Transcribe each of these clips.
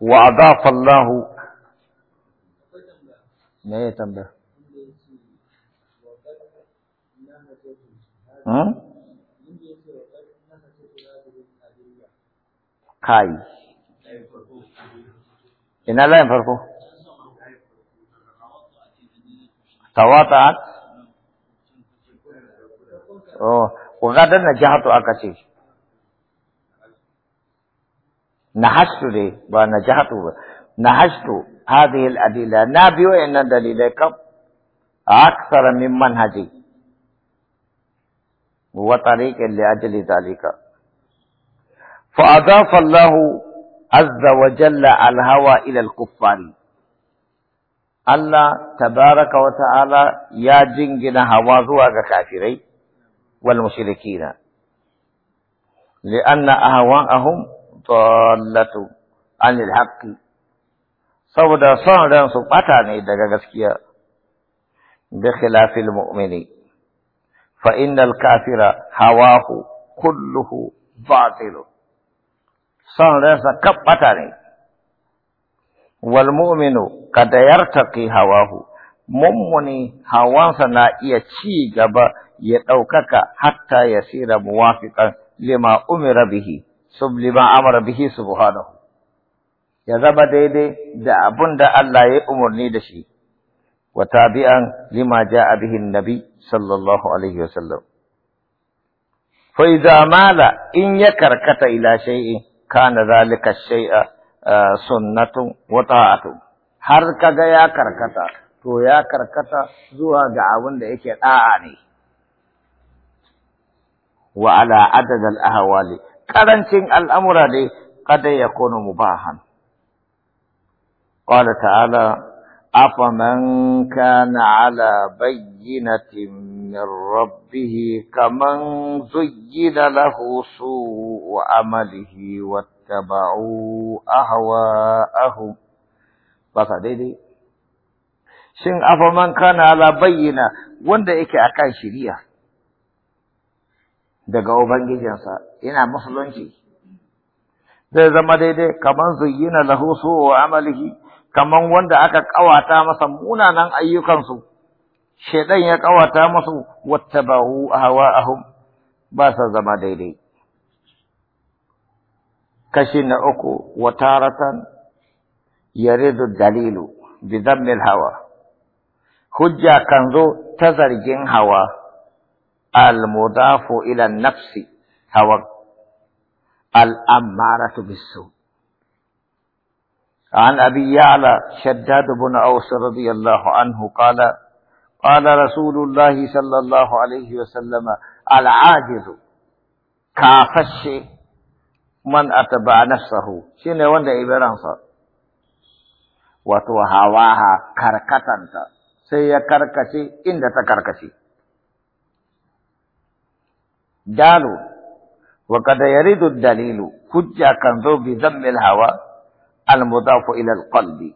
wa adafa Allahu me ya tambaya hmm? kai ina layin farko tawata'at oh wa gadan najahatu aka ce نهشت دي ونجحت نهشت هذه الأدلة نابيو إن دليلك أكثر من منهجي وطريق لأجل ذلك فأضاف الله عز وجل الهوى إلى الكفار الله تبارك وتعالى يا جنجنا هوازوها كافرين والمشركين لأن أهواءهم anil haqqi saboda son ran su bata ne daga gaskiya da khilafil mu'mini fa innal kafira hawahu kulluhu batil son ran sa kabbata ne wal mu'minu kada yartaqi hawahu mummuni hawansa na iya ci gaba ya ɗaukaka hatta ya sira muwafiƙan lima umira bihi sub lima amara bihi subhanahu ya zama daidai da abun da Allah ya umarni da shi wa tabi'an lima ja'a bihi nabi sallallahu alaihi wasallam fa idza mala in ya karkata ila shay'in kana zalika shay'a sunnatun wa ta'atun har kaga ya karkata to ya karkata zuwa ga abun da yake da'a ne wa ala adad al ahwali karancin al'amura ne kada ya kono mubahan. Ƙwada ta'ala, afa man ala bayyina min rabbihi kaman zuyyina lahu wa amalihi wata ba'u, wattaba'u ahu. Baka daidai. Shin afa man ala bayyina wanda yake akan shiriya. daga Ubangijinsa, ina musulunci. Zai zama daidai kamar zuyyina lahu wa amalihi, kamar wanda aka ƙawata masa munanan ayyukansu, shaidan ya ƙawata masu wata wattaba'u ahwa'ahum ba sa zama daidai. Kashi na uku, wataratan yaridu dalilu bi hawa. Hujja kan zo ta zargin hawa. المضاف إلى النفس هو الأمارة بالسوء عن أبي يعلى شداد بن أوس رضي الله عنه قال قال رسول الله صلى الله عليه وسلم العاجز كافش من أتبع نفسه شنو وند إبرانصر wato hawaha karkatanta sai ya karkace inda ta karkace دالو وقد يريد الدليل حجة كان ذو بذم الهوى المضاف إلى القلب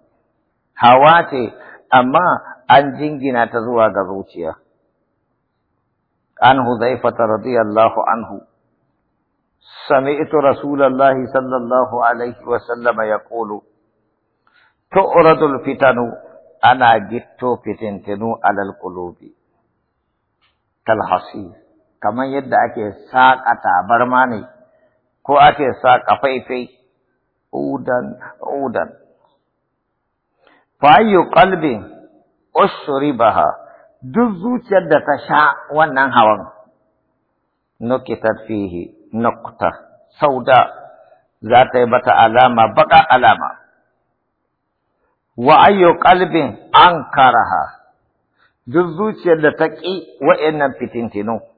هواتي أما أن جنجنا تزوى غزوتيا عن حذيفة رضي الله عنه سمعت رسول الله صلى الله عليه وسلم يقول تؤرد الفتن أنا جدت فتنتنو على القلوب كالحصير kamar yadda ake saƙa tabarma ne ko ake saƙa faifai udan udan ƙalbin qalbin baha, duk zuciyar da ta sha wannan hawan Nukitar fihi nukta sauda za ta yi bata alama baka alama wa ƙalbin an ankaraha duk zuciyar da ta ƙi waɗannan fitintinu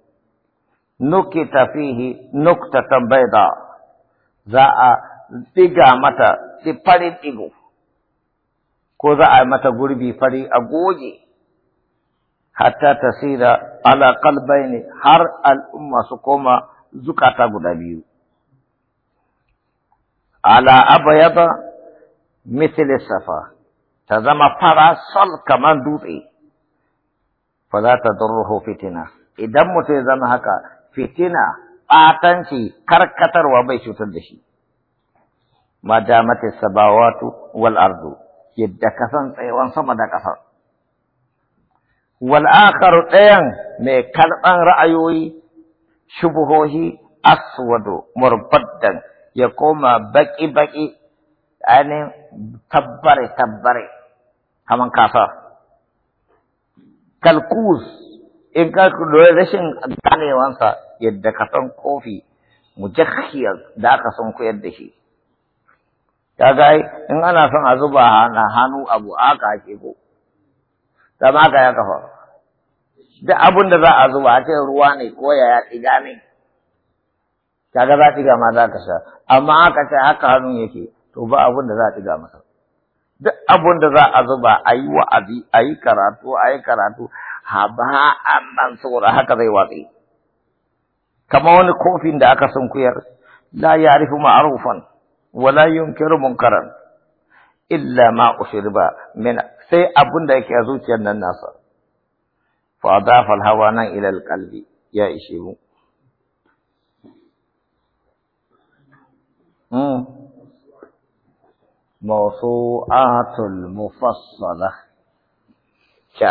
نكت فيه نكتة بيضاء ذا دجا متى تفري تيغو كوزا متى غربي فري أبوجي حتى تسير على قلبين هر الأمة سكوما زكاتا غلبيو على أبيض مثل الصفا تزم فرا صل كمان دوبي فلا تضره فتنة إذا متزم هكا fitina ɓatanci karkatarwa bai cutar da shi ma damati sabawatu wal ardu yadda kasan tsayawan sama da ƙasa wal akharu ɗayan mai karɓan ra'ayoyi shubuhohi aswadu murbaddan ya koma baki-baki ani tabbare-tabbare kaman kasa kalkus in ka lura rashin ganewansa yadda ka san kofi mujakhiyar da aka san koyar da shi kaga in ana son a zuba na hannu abu aka ake ko dama aka ya kafa Da abun da za a zuba a ce ruwa ne ko ya ya tsiga ne kaga za tsiga ma za ka sha amma aka ce haka hannun yake to ba abun da za a tsiga masa duk abun da za a zuba a yi wa'azi a yi karatu a yi karatu هبها ام منصوره هكذا يواضي كما وني كوفين ده كسنكير لا يعرف معروفا ولا ينكر منكرا الا ما اشرب من سي ابون ده يكي ازوتيا الناس فاضاف الهوانا الى القلب يا اشيبو موسوعات المفصله